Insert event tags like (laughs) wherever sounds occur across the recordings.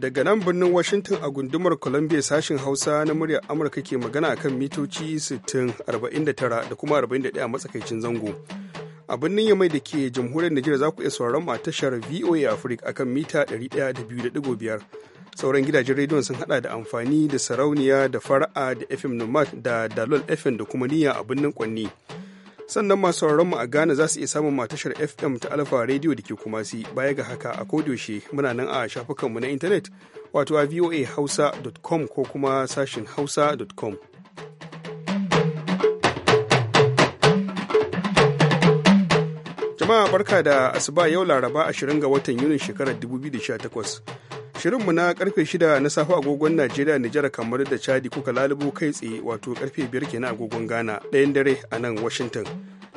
daga nan birnin Washington a gundumar Columbia sashen Hausa na muryar Amurka ke magana a kan mitoci 60, 49 da kuma 41 a matsakaicin zango. A birnin Yamai da ke jamhuriyar Nijar za ku iya sauraron a tashar VOA Africa akan mita 102.5. Sauran gidajen rediyon sun hada da amfani da sarauniya da fara'a da FM Nomad da Dalol FM da kuma niyya a birnin Kwanni. sannan masu mu a Ghana za su iya samun matashar FM ta Alfa Radio da ke kumasi baya ga haka a kodiyoshe muna nan a shafukanmu na intanet wato a voahausa.com ko kuma sashin hausa.com. Jama'a barka da asuba yau Laraba 20 ga watan Yunin shekarar 2018. Shirinmu na karfe 6 na safe agogon Najeriya, Nijar, kamar da Chadi kuka lalubo kai tsaye wato karfe 5 kenan agogon Ghana, ɗayan dare a nan Washington.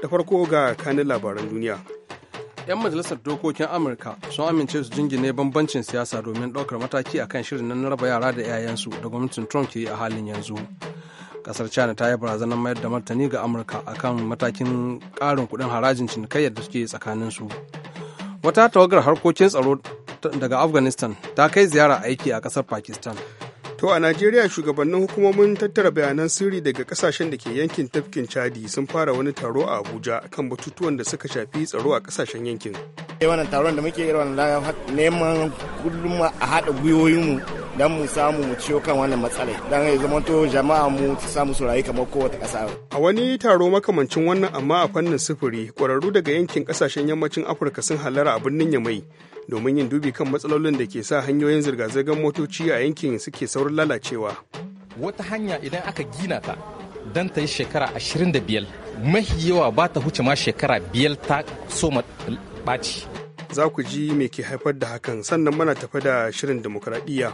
Da farko ga kanin labaran duniya. 'Yan majalisar dokokin Amurka sun amince su jingine bambancin siyasa domin ɗaukar mataki akan shirin na raba yara da 'ya'yansu da gwamnatin Trump ke yi a halin yanzu. kasar china ta yi barazanar mayar da martani ga amurka akan matakin ƙarin kudin harajin cinikayyar da suke tsakanin su wata tawagar harkokin tsaro daga afghanistan ta kai ziyara aiki a kasar pakistan to a najeriya shugabannin hukumomin tattara bayanan sirri daga kasashen da ke yankin tafkin chadi sun fara wani taro a abuja kan batutuwan da suka shafi tsaro a kasashen yankin eh, wannan taron da muke irin neman kullum a haɗa gwiwoyinmu don mu samu mu ciyo kan wannan matsalai don ya to jama'a mu ta samu su kamar kowace ƙasa. A wani taro makamancin wannan amma a fannin sufuri ƙwararru daga yankin ƙasashen yammacin Afirka sun halara a birnin Yamai domin yin dubi kan matsalolin da ke sa hanyoyin zirga-zirgar motoci a yankin suke saurin lalacewa. Wata hanya idan aka gina ta don ta yi shekara 25 mahi yawa ba ta huce ma shekara biyar ta soma ɓaci. Za ku ji me ke haifar da hakan sannan mana tafi da shirin demokuraɗiyya.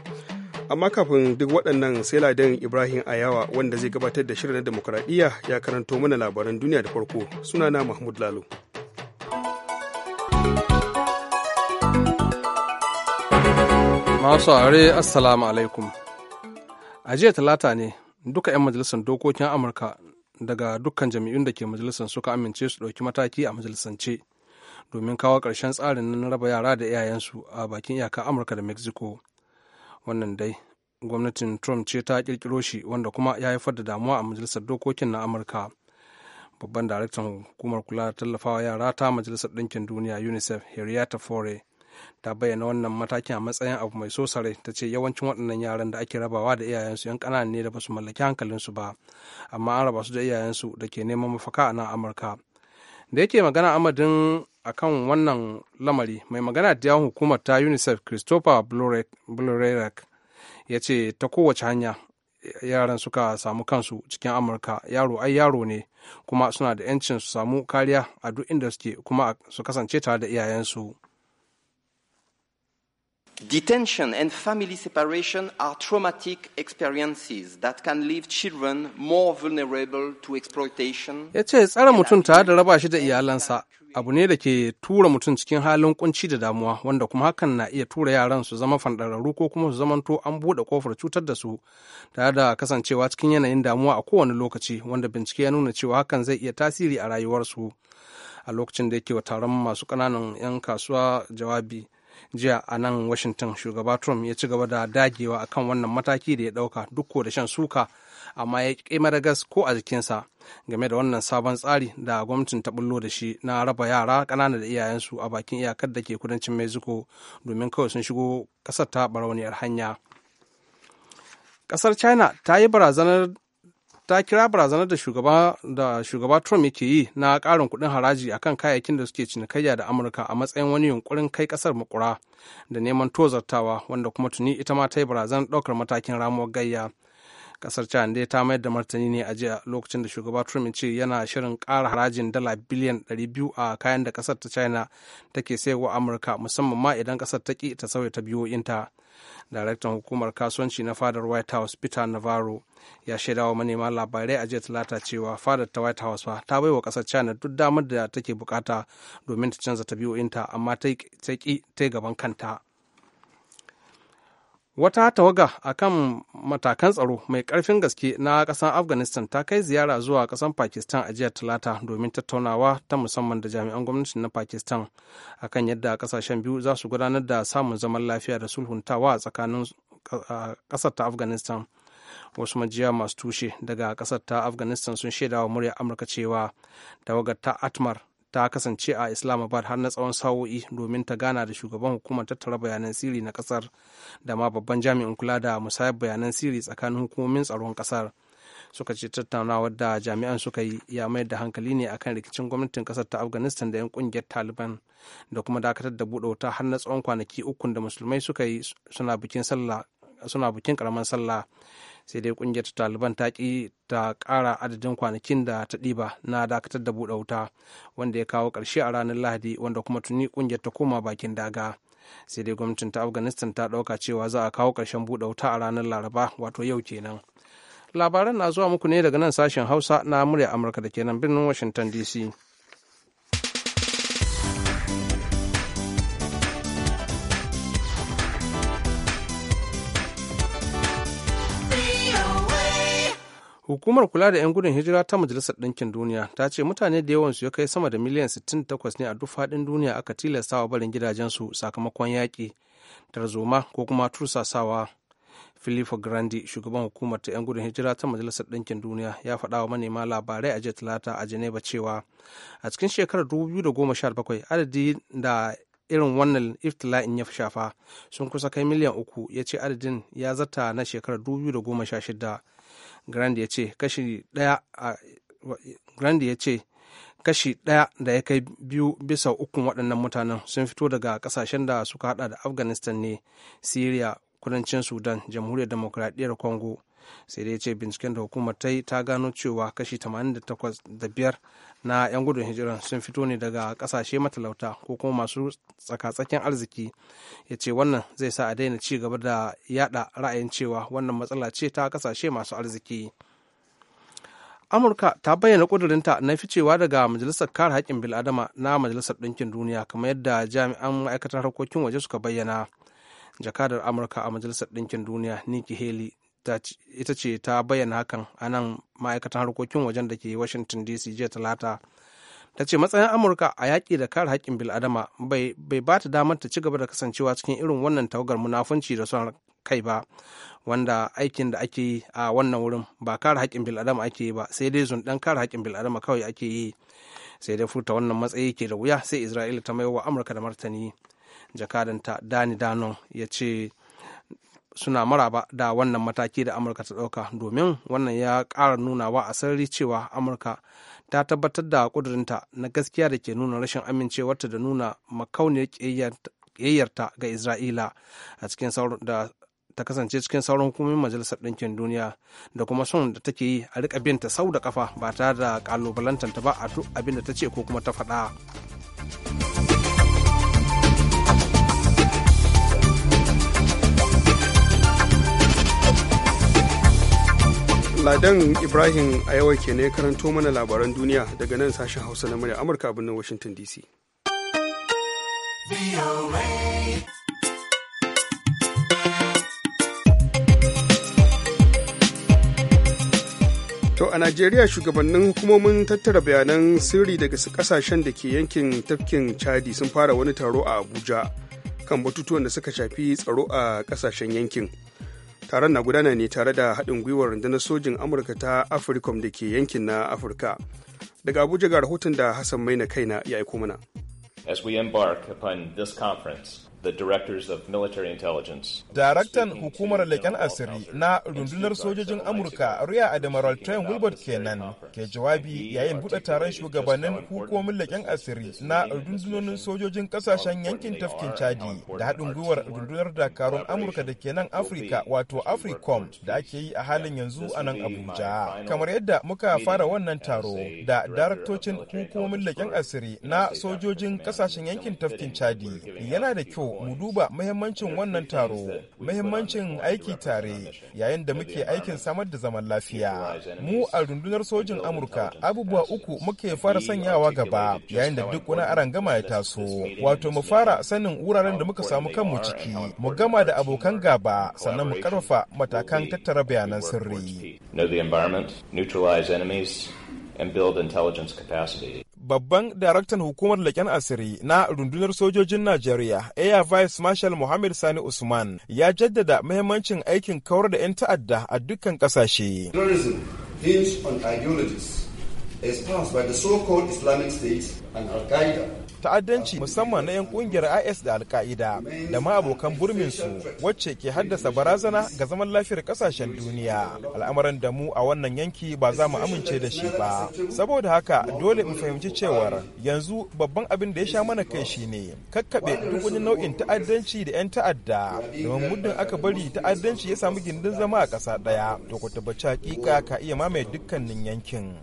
Amma kafin duk waɗannan sai ladan Ibrahim Ayawa wanda zai gabatar da shirin na demokuraɗiyya ya karanto mana labaran duniya da farko sunana Mahmud Lalo. Masu are Assalamu alaikum. A jiya talata ne duka 'yan majalisar dokokin Amurka daga dukkan jami'un da ke majalisar suka amince su ɗauki mataki a majalisance domin kawo ƙarshen tsarin na raba yara da iyayensu a bakin iyaka Amurka da Mexico. Wannan dai gwamnatin Trump ce ta ƙirƙiro shi wanda kuma ya haifar da damuwa a majalisar dokokin na Amurka. Babban daraktan hukumar kula da tallafawa yara ta majalisar ɗinkin duniya UNICEF Henrietta Fore ta bayyana wannan matakin a matsayin abu mai so sarai ta ce yawancin waɗannan yaran da ake rabawa da iyayensu yan ƙanana ne da basu mallaki hankalinsu ba amma an raba su da iyayensu da ke neman mafaka a nan amurka da yake magana amadin kan wannan lamari mai magana da yawon hukumar ta unicef christopher blurerek ya ce ta kowace hanya yaran suka samu kansu cikin amurka yaro ai yaro ne kuma suna da 'yancin su samu kariya a duk inda suke kuma su kasance tare da iyayensu. Detention and family separation are traumatic experiences that can leave children more vulnerable to exploitation. Ya ce tsare mutum tare da raba shi da iyalansa abu ne da ke tura mutum cikin halin kunci da damuwa wanda kuma hakan na iya tura yaran su zama fandararru ko kuma su zamanto an buɗe kofar cutar da su tare da kasancewa cikin yanayin damuwa a kowane lokaci wanda bincike ya nuna cewa hakan zai iya tasiri a rayuwarsu. A lokacin da yake wa taron masu ƙananan 'yan kasuwa jawabi jiya a nan washington shugaba trump ya ci gaba da dagewa a kan wannan mataki da ya dauka duk da shan suka amma ya ƙi gas ko a jikinsa game da wannan sabon tsari da gwamnatin ta bullo da shi na raba yara ƙanana da iyayensu a bakin iyakar da ke kudancin mexico domin kawai sun shigo ƙasar ta barauniyar hanya ƙasar china ta yi barazanar ta kira barazanar da shugaba da shugaba Trump yake yi na karin kuɗin haraji akan kayayyakin da suke cinikayya da Amurka a matsayin wani yunkurin kai ƙasar makura da neman tozartawa wanda kuma tuni ita ma ta yi barazanar ɗaukar matakin ramuwar gayya. kasar china dai ta mayar da martani ne a jiya lokacin da shugaba trump ce yana shirin kara harajin dala biliyan 200 a kayan da kasar ta china take sayarwa amurka musamman ma idan kasar ta ki ta sauya ta biyoyinta daraktan hukumar kasuwanci na fadar white house peter navarro ya shaida wa manema labarai a jiya talata cewa fadar ta white house ta bai wa kasar china duk damar da take bukata domin ta canza ta biyoyinta amma ta ki ta gaban kanta wata tawaga a kan matakan tsaro mai karfin gaske na ƙasar afghanistan ta kai ziyara zuwa ƙasar pakistan a jiya talata domin tattaunawa ta musamman da jami'an gwamnati na pakistan akan yadda ƙasashen biyu za su gudanar da samun zaman lafiya da sulhuntawa a tsakanin kasar ta afghanistan wasu majiya masu tushe daga kasar ta afghanistan sun shaidawa murya amurka cewa tawagar ta atmar ta kasance a islamabad har na tsawon sa'o'i domin ta gana da shugaban hukumar tattara bayanan sirri na kasar da ma babban jami'in kula da musayar bayanan sirri tsakanin hukumomin tsaron kasar suka ce tattaunawa da jami'an suka yi ya mayar da hankali ne akan rikicin gwamnatin kasar ta afghanistan da 'yan kungiyar taliban da kuma dakatar da buɗe wuta har na tsawon kwanaki ukun da musulmai suka yi suna bikin sallah suna bikin karamar sallah sai dai kungiyar taliban ta ki ta ƙara adadin kwanakin da ta ɗiba na dakatar da buɗe wuta wanda ya kawo ƙarshe a ranar lahadi wanda kuma tuni kungiyar ta koma bakin daga sai dai gwamnatin ta afghanistan ta ɗauka cewa za a kawo ƙarshen buɗe wuta a ranar laraba wato yau kenan labaran na zuwa muku ne daga nan sashen hausa na murya amurka da kenan birnin washington dc hukumar kula da 'yan gudun hijira ta majalisar ɗinkin duniya ta ce mutane da yawansu ya kai sama da miliyan 68 ne a duk faɗin duniya aka wa barin gidajensu sakamakon yaƙi tarzoma ko kuma tursasawa filippo grandi shugaban hukumar ta 'yan gudun hijira ta majalisar ɗinkin duniya ya faɗa wa manema labarai a jiya talata a geneva cewa a cikin shekarar 2017 adadin da irin wannan iftila'in ya shafa sun kusa kai miliyan uku ya ce adadin ya zata na shekarar 2016 grand ya ce kashi ɗaya da ya kai biyu bisa ukun waɗannan mutanen sun fito daga ƙasashen da suka hada da afghanistan ne syria kudancin sudan jamhuriyar demokuraɗiyyar congo sai dai ce binciken da hukumar ta yi ta gano cewa kashi 85 na 'yan gudun hijiran sun fito ne daga kasashe matalauta ko kuma masu tsakatsakin arziki ya ce wannan zai sa a daina ci gaba da yada ra'ayin cewa wannan matsala ce ta kasashe masu arziki. amurka ta bayyana ƙudurinta na ficewa daga majalisar kare haƙƙin bil'adama na majalisar ɗinkin duniya kamar yadda jami'an ma'aikatar harkokin waje suka bayyana jakadar amurka a majalisar ɗinkin duniya nikki haley ita ce ta bayyana hakan a nan ma'aikatan harkokin wajen da ke washington dc jiya talata ta ce matsayin amurka a yaƙi da kare haƙƙin bil'adama bai ba ta damar ta ci gaba da kasancewa cikin irin wannan tawagar munafunci da son kai ba wanda aikin da ake yi a wannan wurin ba kare haƙƙin bil'adama ake yi ba sai dai ɗan kare haƙƙin bil'adama kawai ake yi sai dai furta wannan matsayi ke da wuya sai isra'ila ta maiwa amurka da martani jakadanta dani danon ya ce suna maraba da wannan mataki da amurka ta ɗauka domin wannan ya ƙara nunawa a sarari cewa amurka ta tabbatar da ƙudurinta na gaskiya da ke nuna rashin amincewarta da nuna makauniyar ƙiyayyarta ga isra'ila a cikin da ta kasance cikin sauran hukumomin majalisar ɗinkin duniya da kuma son da take yi a riƙa binta sau da kafa ba tare da ƙalubalantanta ba a duk abin da ta ce ko kuma ta faɗa. Ladan Ibrahim a yawa ke ne karanto mana labaran duniya daga nan sashen Hausa na murya Amurka a birnin Washington DC. To a Najeriya shugabannin hukumomin tattara bayanan sirri daga kasashen da ke yankin tafkin Chadi sun fara wani taro a Abuja kan batutuwan da suka shafi tsaro a kasashen yankin. taron na gudana ne tare da haɗin gwiwar rundunar sojin amurka ta africom da ke yankin na afirka daga abuja ga rahoton da hassan maina kaina ya aiko mana as we embark upon this conference the directors of military intelligence. Daraktan hukumar leƙen asiri na rundunar sojojin Amurka Rear Admiral Trent Wilbert kenan ke jawabi yayin buɗe taron shugabannin hukumar leƙen asiri na rundunonin sojojin ƙasashen yankin tafkin Chadi da haɗin gwiwar rundunar dakarun Amurka da ke nan Afirka wato Africom da ake yi a halin yanzu a nan Abuja. Kamar yadda muka fara wannan taro da daraktocin hukumar leƙen asiri na sojojin ƙasashen yankin tafkin Chadi yana da kyau mu duba mahimmancin wannan taro, mahimmancin aiki tare yayin da muke aikin samar da zaman lafiya. Mu a rundunar sojin Amurka abubuwa uku muke fara sanyawa gaba yayin da duk wani gama ya taso. Wato mu fara sanin wuraren da muka samu kanmu ciki, mu gama da abokan gaba sannan mu karfafa matakan tattara bayanan sirri. babban daraktan hukumar leƙen asiri na rundunar sojojin Najeriya, Air Vice Marshal Mohammed Sani Usman, ya jaddada mahimmancin aikin kawar da 'yan ta'adda a dukkan ƙasashe. Terrorism hinge on ideologies espoused by the so-called Islamic State and Al-Qaeda ta'addanci musamman na 'yan kungiyar is da alka'ida da ma abokan su wacce ke haddasa barazana ga zaman lafiyar kasashen duniya al'amuran da mu a wannan yanki ba za mu amince da shi ba saboda haka dole mu fahimci cewar yanzu babban abin da ya sha mana kai shine kakkaɓe duk wani nau'in ta'addanci da 'yan ta'adda domin muddin aka bari ta'addanci ya samu gindin zama a ƙasa ɗaya to ku tabbaci hakika ka iya mamaye dukkanin yankin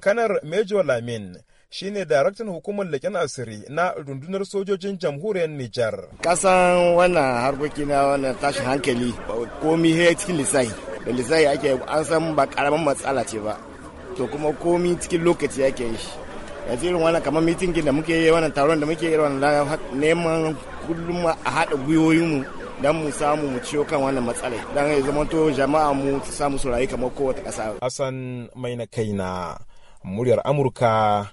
kanar major lamin shine daraktan hukumar laken asiri na rundunar sojojin jamhuriyar Nijar. Kasan wannan harkoki na wannan tashin hankali komi he cikin lissahi da lissahi ake an san ba karamin matsala ce ba to kuma komi cikin lokaci ake yi yanzu irin wannan kamar mitingin da muke yi wannan taron da muke irin wannan neman kullum a haɗa gwiwoyinmu dan mu samu mu ciyo kan wannan matsala dan ya zama to jama'a mu samu su rayu kamar kowace ƙasa. Hassan mai na kaina muryar Amurka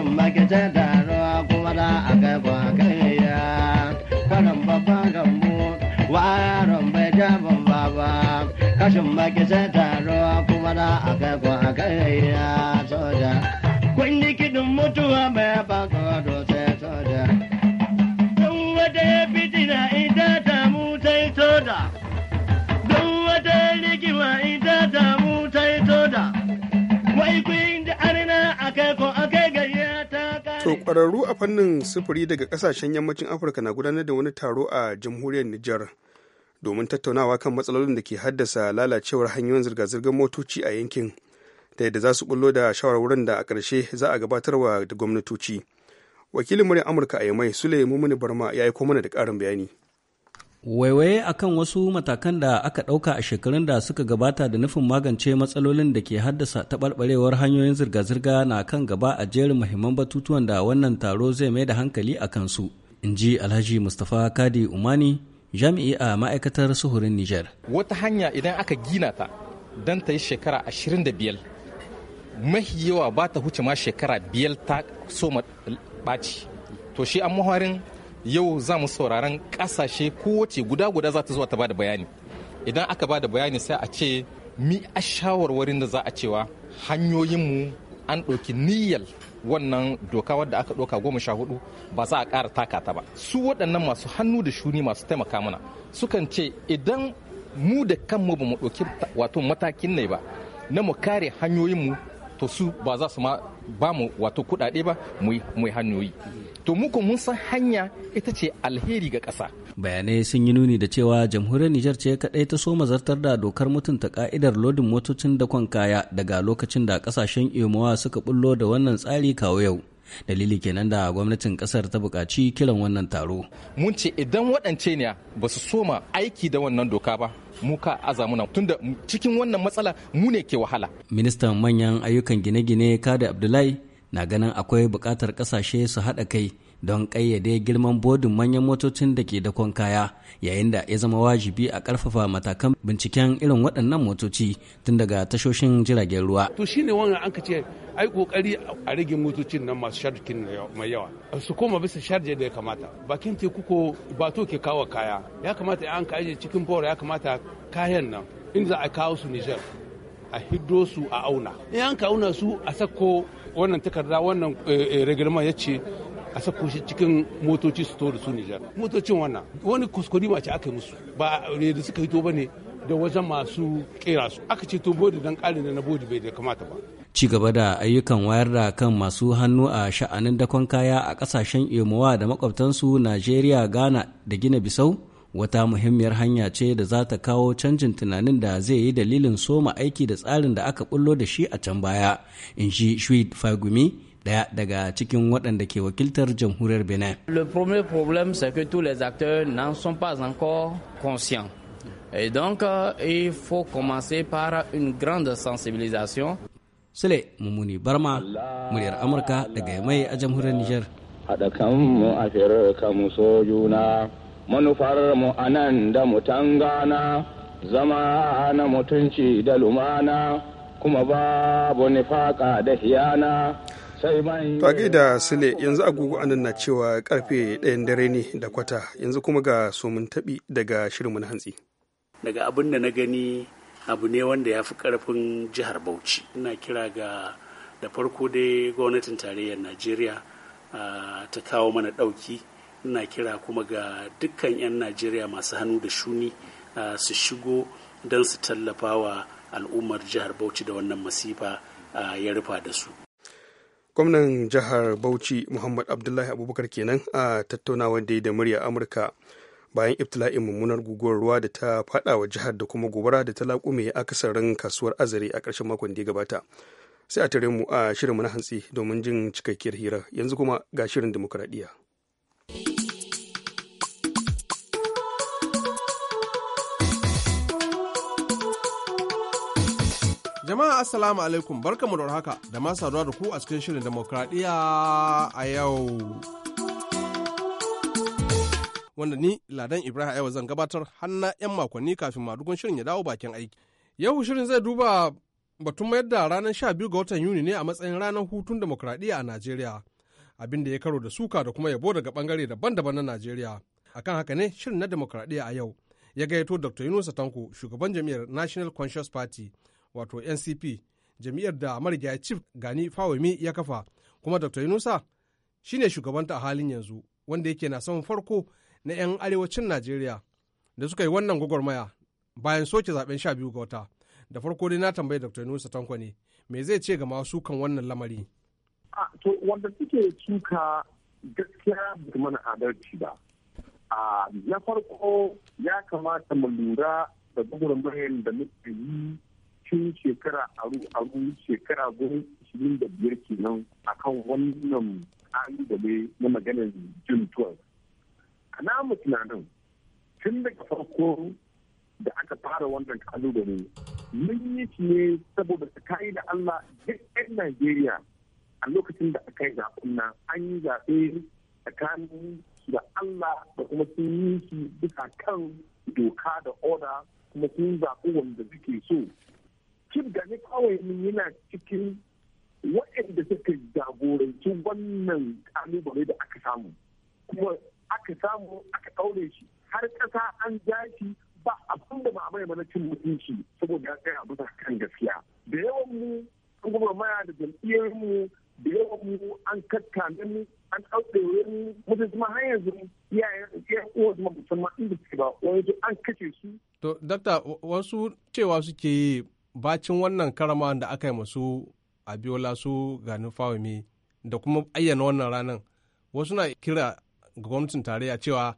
mutum makice ta ruwa kuma da a kai kwakaiya kwarin babban gambo wa yaron bai jabin baba kashin makice ta ruwa kuma da a kai kwakaiya soja kun yi kidin mutuwa mai bako dose soja don wata ya fitina ita ta mutai soja don wata rigima ita ta mutai soja wai kuyi To ƙwararru a fannin sufuri daga ƙasashen yammacin Afirka na gudanar da wani taro a jamhuriyar Nijar domin tattaunawa kan matsalolin da ke haddasa lalacewar hanyoyin zirga-zirgar motoci a yankin da yadda za su bullo da shawarwarin da a ƙarshe za a gabatarwa da gwamnatoci. Wakilin murya Amurka a Yamai Sule Mumuni Barma ya yi mana da ƙarin bayani. Waiwaye a kan wasu matakan da aka ɗauka a shekarun da suka gabata da nufin magance matsalolin da ke haddasa taɓarɓarewar hanyoyin zirga-zirga na kan gaba a jerin muhimman batutuwan da wannan taro zai mai da hankali a kansu, in ji Alhaji Mustapha Kadi Umani, jami'i a ma'aikatar suhurin niger. Wata hanya idan aka gina ta don ta yi shekara ashirin da biyar, mahi yawa ba ta huce ma shekara biyar ta soma ɓaci. To shi an muharin yau za mu sauraron kasashe kowace guda guda za ta zuwa ta bada bayani idan aka bada bayani sai a ce mi a shawarwarin da za a cewa hanyoyinmu an ɗauki niyyar wannan doka wadda aka ɗauka goma sha hudu ba za a ƙara taka ta ba su waɗannan masu hannu da shuni masu taimaka mana sukan ce idan mu da kanmu ba mu ɗauki wato matakin ne ba na mu kare hanyoyinmu to su ba za su ma ba mu wato kuɗaɗe ba mu yi hanyoyi to muku mun san hanya ita ce alheri ga ƙasa. bayanai sun yi nuni da cewa jamhuriyar nijar ce kaɗai ta so mazartar da dokar mutunta ka'idar lodin motocin da kwan kaya daga lokacin da kasashen imuwa suka bullo da wannan tsari kawo yau dalili kenan da gwamnatin kasar ta buƙaci kiran wannan taro mun ce idan waɗance ne ba su soma aiki da wannan doka ba mu ka azamuna tunda cikin wannan matsala mu ne ke wahala ministan manyan ayyukan gine-gine kada abdullahi na ganin akwai buƙatar ƙasashe su haɗa kai don kayyade girman bodin manyan motocin da ke dakon kaya yayin da ya zama wajibi a karfafa matakan binciken irin waɗannan motoci tun daga tashoshin jiragen ruwa. To shi ne wannan an ce ai kokari a rage motocin nan masu sharkin mai yawa su koma bisa sharje da ya kamata bakin teku ko bato ke kawo kaya ya kamata an ka cikin bora ya kamata kayan nan in za a kawo su Niger a hiddo su a auna in an ka auna su a sako wannan takarda wannan eh, eh, reglement ya ce a sako shi cikin motoci su tori su Nijar. Motocin wannan wani kuskuri ma ce aka yi musu ba da suka hito ba ne da wajen masu kera su aka ce to bodi don na bodi bai da kamata ba. Ci gaba da ayyukan wayar da kan masu hannu a sha'anin dakon kaya a kasashen Emowa da makwabtansu Najeriya, Ghana da Gina Bisau wata muhimmiyar hanya ce da za ta kawo canjin tunanin da zai yi dalilin soma aiki da tsarin da aka bullo da shi a can baya in ji shuid fagumi daya daga cikin waɗanda ke wakiltar jamhuriyar benin le premier problème c'est que tous les acteurs n'en sont pas encore conscients et donc euh, il faut commencer par une grande sensibilisation sule mummuni barma muryar amurka daga mai a jamhuriyar niger haɗa mu a kanmu so juna manufar mu anan da mu tangana zama na mutunci da lumana kuma babu nifaka da hiyana To a gaida Sule yanzu agogo anan na cewa karfe ɗayan dare ne da kwata yanzu kuma ga somin taɓi daga shirinmu na hantsi. Daga abin da na gani abu ne wanda ya fi karfin jihar Bauchi. Ina kira ga da farko dai gwamnatin tarayyar Najeriya ta kawo mana ɗauki. Ina kira kuma ga dukkan 'yan Najeriya masu hannu da shuni su shigo don su tallafa wa al'ummar jihar Bauchi da wannan masifa ya rufa da su. gwamnan jihar bauchi muhammad abdullahi abubakar kenan a tattaunawar da da murya amurka bayan ibtila'in mummunar guguwar ruwa da ta fada wa jihar da kuma gobara da ta laƙume kasarin kasuwar azare a ƙarshen makon da ya gabata sai a tare mu a shirin na hantsi domin jin cikakkiyar hira yanzu kuma ga shirin dimokuraɗiyya Jama'a Assalamu alaikum barkamu da haka da ma saduwa da ku a cikin shirin demokradiyya a yau. Wanda ni Ladan Ibrahim yau zan gabatar hanna 'yan makonni kafin madugun shirin ya dawo bakin aiki. Yau shirin zai duba batun mayar da ranar 12 ga watan Yuni ne a matsayin ranar hutun demokradiyya a Najeriya. Abin da ya karo da suka da kuma yabo daga bangare daban-daban na Najeriya. Akan haka ne shirin na demokradiyya a yau ya gayyato Dr. Yunusa Tanko shugaban jami'ar National Conscious Party wato ncp jam'iyyar da marigaya chief gani fawami ya kafa kuma dr yunusa ne shugabanta a halin yanzu wanda yake na saman farko na 'yan arewacin najeriya da suka yi wannan gwagwarmaya bayan soke zaben sha biyu ga wata da farko dai na tambayi dr yunusa tanko ne me zai ce ga masu kan wannan lamari ah, to wanda suke suka gaskiya mana adalci ba ah, na farko ya kamata mu lura da gwagwarmayar da muke yi tun shekara aru aru shekara goma ishirin da biyar kenan kan wannan ƙalubale na maganar jin tuwon a namu tunanin tun daga farko da aka fara wannan kalubale mun yi shi ne saboda su kayi da Allah duk 'yan Najeriya a lokacin da aka yi zaɓen nan an yi zaɓe tsakanin da Allah da kuma sun yi shi duka kan doka da oda kuma sun zaɓi wanda suke so cin gani kawai yana cikin waɗanda suka jagoranci wannan kalubale da aka samu kuma aka samu aka ɗaure shi har ƙasa an ja shi ba abin da ba a mai mana cin mutunci saboda ya tsaya bisa kan gaskiya da yawan mu an kuma maya da jam'iyyar mu da yawan mu an kakkane mu an ɗaure mu mutum kuma har yanzu iyayen uwa musamman inda suke ba wani an kashe su. to dakta wasu cewa suke bacin wannan karama da aka yi masu abiola su gani fawami da kuma ayyana wannan ranar wasu na kira ga gwamnatin tarayya cewa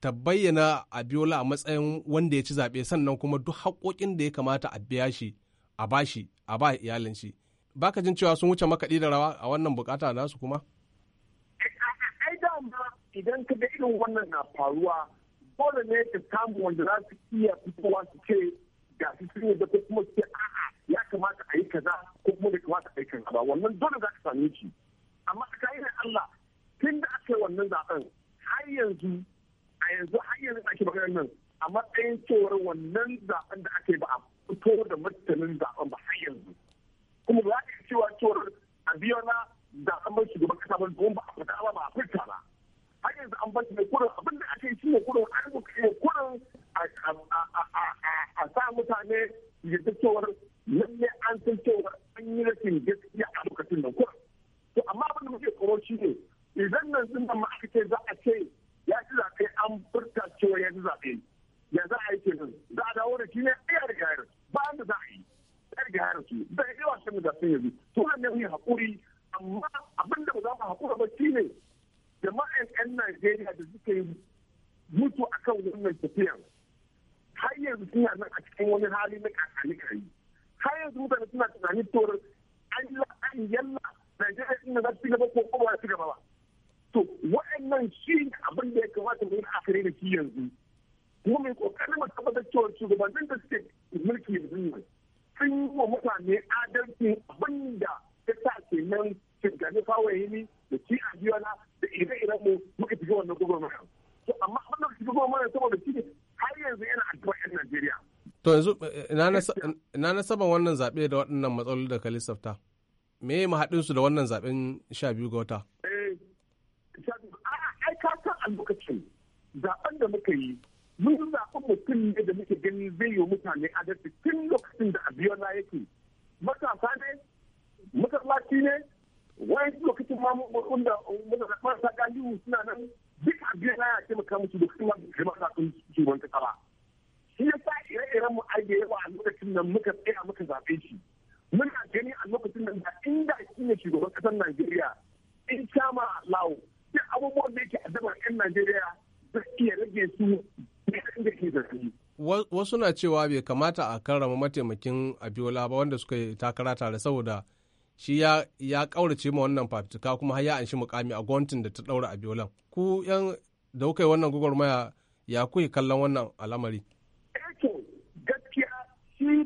ta bayyana abiola a matsayin wanda ya ci zaɓe sannan kuma duk haƙoƙin da ya kamata a biya shi a ba shi a ba iyalin shi baka jin cewa sun wuce makaɗi da rawa a wannan bukata nasu kuma idan ka irin wannan na faruwa dole ne ka samu wanda za su iya fitowa su ga su sun yadda ko kuma ce a'a ya kamata a yi kaza ko kuma bai kamata a yi kaza ba wannan dole za ka same shi amma a tsakanin Allah tun da aka yi wannan zaben har yanzu a yanzu har yanzu ake maganar nan a matsayin cewar wannan zaben da aka yi ba a fito da martanin zaben ba har yanzu kuma ba ka cewa cewar a biyo na zaben shugaban kasa ba domin ba a fita ba ba a fita ba har yanzu an bar ne kurin abin da aka yi shi ne kurin an buƙaci kurin a sa mutane ta cewar lalle an san cewar an yi rashin gaskiya a lokacin nan kuma to amma abin da muke tsoro shi ne idan nan sun da ma'aikace za a ce ya ci zaɓe an furta cewa ya ci zaɓe ya za a yi ke nan za a dawo da shi ne ya riga ya rasu ba da za a yi ya riga ya rasu da ya yi wasan da sun yanzu to wannan ne hakuri amma Ina na (laughs) saban wannan zaɓe da waɗannan matsaloli da ka lissafta? Me ya mahaɗin su da wannan zaɓen sha biyu ga wata? Eh, ai, ka san a lokacin zaɓen da muka yi, mun zaɓi mutum ne da muke ganin zai yi mutane adalci tun lokacin da na yake. Matasa ne, masallaci ne, wani lokacin ma da marasa galihu suna nan duk abiyola ya taimaka musu da kuma girma zaɓen shugaban kasa ba. ire mu ai da yawa a lokacin nan muka tsaya muka zaɓe shi muna gani a lokacin nan da inda shi ne shugaban ƙasar Najeriya in shama lawo duk abubuwan da yake addabar 'yan Najeriya zai iya rage su da ke zargi. Wasu na cewa bai kamata a karrama mataimakin Abiola ba wanda suka yi takara tare saboda shi ya kaurace ma wannan fafituka kuma har ya anshi mukami a gwamnatin da ta daura Abiolan. Ku yan da kuka yi wannan gwagwarmaya ya kuke kallon wannan al'amari?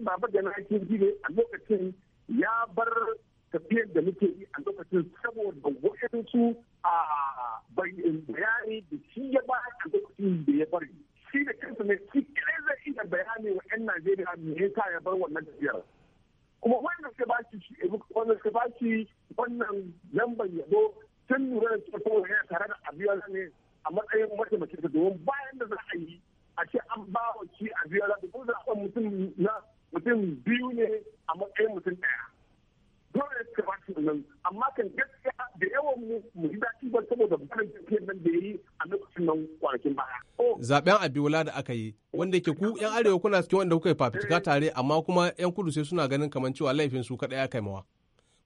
baba da na ne a lokacin ya bar tafiyar da muke yi a lokacin saboda waɗansu zaben abiola da aka yi wanda ke ku yan arewa kuna cikin wanda kuka yi fafutuka tare amma kuma yan kudu sai suna ganin kamar cewa laifin su kaɗai ya kaimawa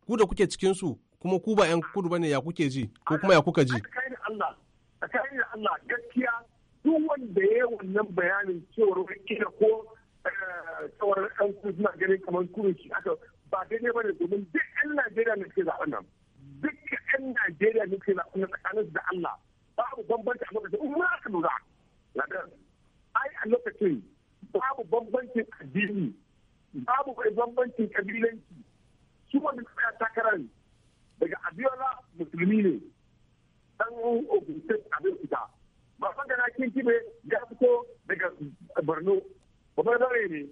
ku da kuke cikin su kuma ku ba yan kudu bane ya kuke ji ko kuma ya kuka ji Allah Allah gaskiya duk wanda ya wannan bayanin cewar wakila ko eh, cewar yan kudu suna ganin kamar kudu shi aka ba daidai bane domin duk yan Najeriya ne suke zaɓen nan duk yan Najeriya ne suke zaɓen nan tsakanin da Allah babu bambanci a lokacin in umar aka lura ai a lokacin babu bambancin addini babu bai bambancin kabilanci su wanda suka takarar daga abiola musulmi ne dan ogunsin abin fita ba fanka na kin kibe ya fito daga borno babbar bare ne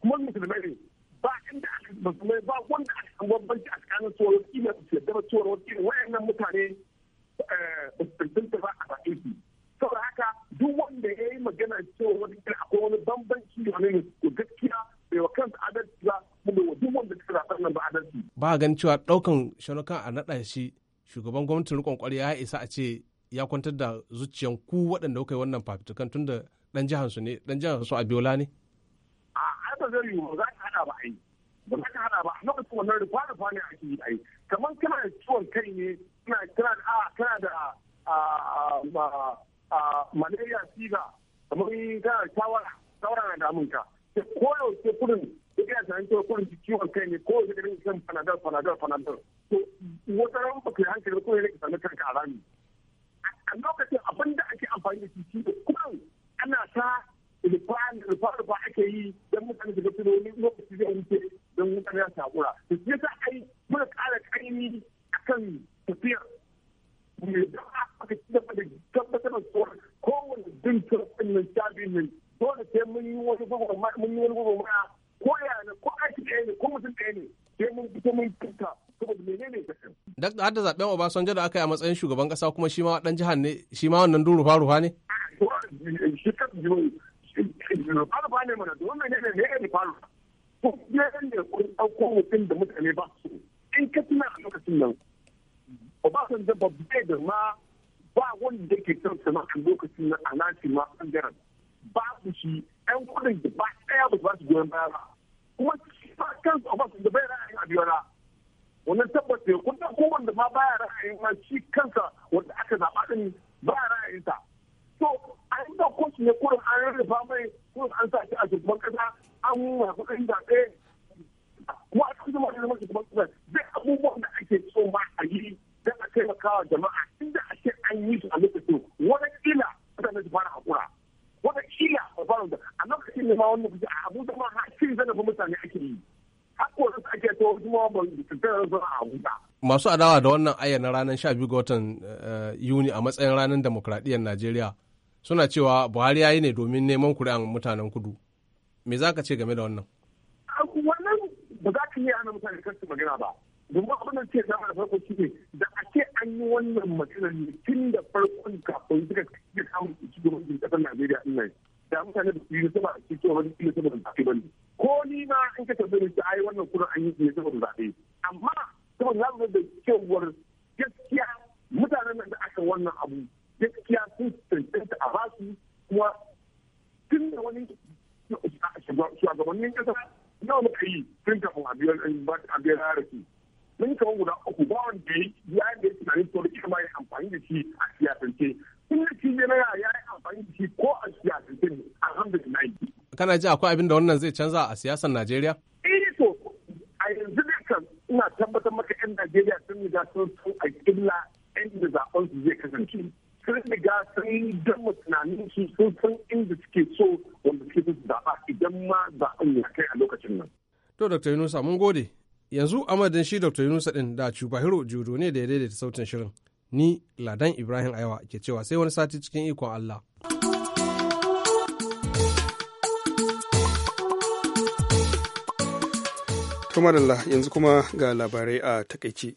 kuma musulmai ne ba inda musulmai ba wanda a cikin bambanci a tsakanin tsoron kima su yadda ba tsoron kima wayannan mutane eh, ba su tuntunta ba a bakin su saboda haka duk wanda ya yi magana cewa wani akwai wani bambanci wani ne gaskiya bai wa kansa adalci ba kuma wa duk wanda suka zaɓar nan ba adalci. ba gan cewa ɗaukan shanukan a naɗa shi shugaban gwamnatin riƙon ƙwarya ya isa a ce ya kwantar da zuciyan ku waɗanda kuka yi wannan fafitukan tun da ɗan jihar su ne ɗan jihar su abiola ne. a ai ba zai yiwu za ka haɗa ba yi ba za ka haɗa ba a lokacin wannan rufa rufa ne ake yi ai kamar kana da ciwon kai ne kana da kana da malaria fever kamar kana shawara shawara na damun ka sai koyaushe kudin da ina tunanin cewa kudin ciwon kai ne koyaushe ka dinga shan panadol panadol panadol to wata ran ba kai hankali ba koyaushe ka sami kanka a rami a lokacin abin da ake amfani da shi shi ne kudin ana ta rufa-rufa ake yi don mutane su gafi wani lokaci zai wuce don mutane ya shakura Da shi yasa ai muna kara karimi akan tafiyar mai da aka ci gaba da tabbatar da cewa kowane dinkin wannan shabi ne dole sai mun yi wani gwagwarmaya mun yi wani gwagwarmaya ko yana ko aiki ɗaya ne ko mutum ɗaya ne sai mun fita mun kinta saboda menene da har da zaben Obasanjo da aka yi a matsayin shugaban kasa kuma shi ma dan jihar ne shi ma wannan duru faru fa ne shi kan jiwo faru fa ne mana domin menene ne ne faru ko ne ne kun dauko mutum da mutane ba su in ka tuna a lokacin nan Obasanjo ba bai da ma ba wanda ke son sama a lokacin na anati ma bangaren su shi yan kudin da ba ɗaya ba ba su goyon baya ba kuma shi ba kansa Obasanjo bai ra'ayin Abiola wannan tabbata ya kuma ko wanda ma baya ra'ayin ma shi kansa wanda aka zaɓa din ba ra'ayin ta to an da kotu ne kurin an rarrafa mai kurin an sa shi a shugaban kasa an haɗu ɗin da ɗaya kuma a cikin zama da zama shugaban kasa zai abubuwan da ake so ma a yi don a taimakawa jama'a inda a ce an yi su a lokacin wani kila mutane su fara haƙura wata kila su fara da a lokacin ne ma wani kusa a abuja ma har cin zarafin mutane ake yi haƙorin su ake wasu ma ba su tara su a abuja. masu adawa da wannan ayyana na ranar 12 ga watan eh, yuni a matsayin ranar demokradiyyar najeriya suna cewa buhari ya yi ne domin neman kuri'an mutanen kudu me za ka ce game da wannan wannan ba za ka yi hana mutane su magana ba domin abin da ke zama da farko shi ne da an yi wannan maganar ne tun da farkon kafin suka iya samun ciki gaban jin kasar Najeriya din nan. Da mutane da suke yi a cikin wani iya sama da zaɓe ba ne. Ko ni ma an ka tambaye su ai wannan kuma an yi iya sama da zaɓe. Amma saboda za su da cewar gaskiya mutanen nan da aka wannan abu gaskiya sun cancanta a basu kuma tun da wani shugabannin kasa nawa wani kai tun kafin a biyar a biyar mun kawo guda uku ba wanda ya yi tunanin to da ita ya amfani da shi a siyasance in da shi ya yi amfani da shi ko a siyasance ne alhamdulillah kana ji akwai abin da wannan zai canza a siyasar Najeriya eh to a yanzu ne kan ina tabbatar maka yan Najeriya sun riga sun san a 'yan inda zaben su zai kasance sun riga sun gama tunanin su sun san inda suke so wanda suke so su zaɓa idan ma zaɓen ya kai a lokacin nan to Dr. Yunusa mun gode yanzu a madadin shi dr yunusa din da cubahiro jodo ne da ya daidaita sautin shirin ni ladan ibrahim ayawa ke cewa sai wani sati cikin ikon allah kuma yanzu kuma ga labarai a takaici.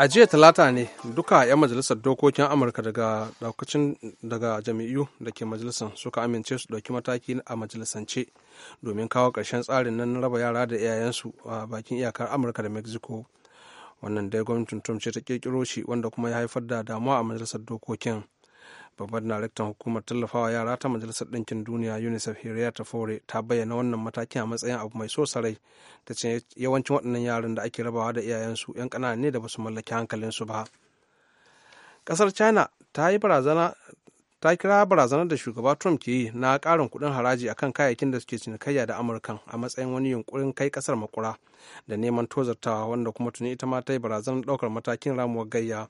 a jiya talata ne duka 'yan majalisar dokokin amurka daga daukacin daga jami'u da ke majalisar suka amince su ɗauki mataki a majalisance domin kawo ƙarshen tsarin nan raba yara da iyayensu a bakin iyakar amurka da mexico wannan dai gwamnatin trump ce ta kirkiro shi wanda kuma ya haifar da damuwa a majalisar dokokin babban daraktan hukumar tallafawa yara ta majalisar ɗinkin duniya unicef ta fore ta bayyana wannan matakin a matsayin abu mai so sarai ta ce yawancin waɗannan yaran da ake rabawa da iyayensu 'yan ƙanana ne da basu su mallaki hankalinsu ba ƙasar china ta yi barazana kira barazanar da shugaba trump ke yi na ƙarin kuɗin haraji akan kayayyakin da suke cinikayya da amurkan a matsayin wani yunkurin kai ƙasar makura da neman tozartawa wanda kuma tuni ita ma ta yi barazanar ɗaukar matakin ramuwar gayya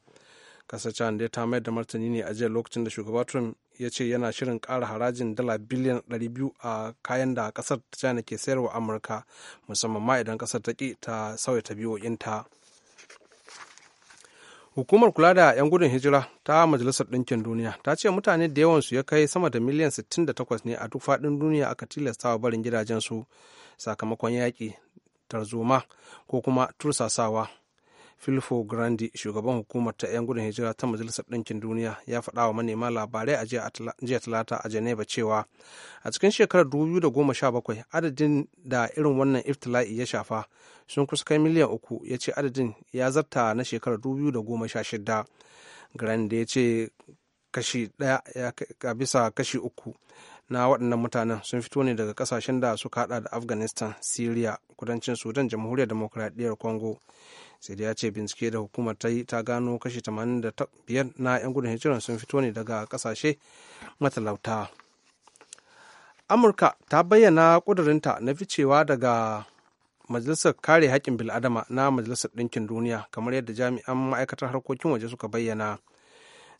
kasar china ya ta mayar da martani ne a jiya lokacin da shugaba trump ya ce yana shirin kara harajin dala biliyan 200 a kayan da kasar china ke sayarwa amurka musamman ma idan kasar ta ƙi ta sauya ta hukumar kula da 'yan gudun hijira ta majalisar ɗinkin duniya ta ce mutane da yawansu ya kai sama da miliyan 68 ne a duk faɗin duniya aka tilastawa barin gidajen su sakamakon yaƙi tarzoma ko kuma tursasawa filfo grandi shugaban hukumar ta 'yan gudun hijira ta majalisar ɗinkin duniya ya faɗa wa manema labarai a jiya talata a geneva cewa a cikin shekarar 2017 adadin da irin wannan iftila'i ya shafa sun kusa kai miliyan uku ya ce adadin ya zarta na shekarar 2016 grandi ya ce kashi ɗaya bisa kashi uku na waɗannan mutanen sun fito ne daga kasashen da suka hada da afghanistan syria kudancin sudan jamhuriyar demokradiyyar congo sai da ya ce bincike da hukumar ta yi ta gano kashi 85 na 'yan gudun hijiran sun fito ne daga kasashe matalauta amurka ta bayyana ƙudurinta na ficewa daga majalisar kare haƙƙin bil'adama na majalisar ɗinkin duniya kamar yadda jami'an ma'aikatar harkokin waje suka bayyana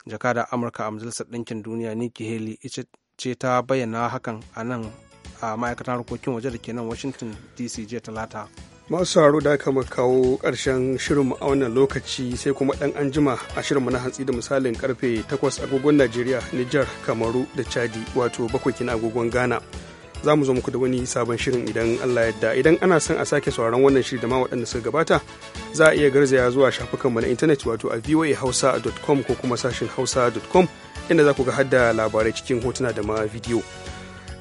jakada amurka a majalisar ɗinkin duniya nikki haley ce ta bayyana hakan a nan a ma'aikatan harkokin waje da ke nan washington dc jiya talata masu sauraro da aka mu kawo ƙarshen shirinmu a wannan lokaci sai kuma ɗan anjima a shirinmu na hantsi da misalin karfe 8 agogon najeriya nijar kamaru da chadi wato bakwai kina agogon ghana za mu zo muku da wani sabon shirin idan Allah yadda idan ana son a sake sauraron wannan shiri da ma waɗanda suka gabata za a iya garzaya zuwa shafukanmu na intanet wato a voahausa.com ko kuma sashin hausa.com inda za ku ga hadda labarai cikin hotuna da ma bidiyo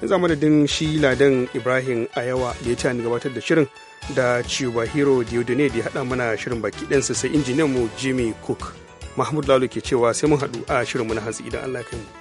yanzu madadin shi ladan ibrahim ayawa da ya ci ni gabatar da shirin da ciwa hero diodone da ya haɗa mana shirin baki ɗansa sai injiniyan mu jimmy cook mahmud lalu ke cewa sai mun haɗu a shirin mu na hantsi idan allah kai mu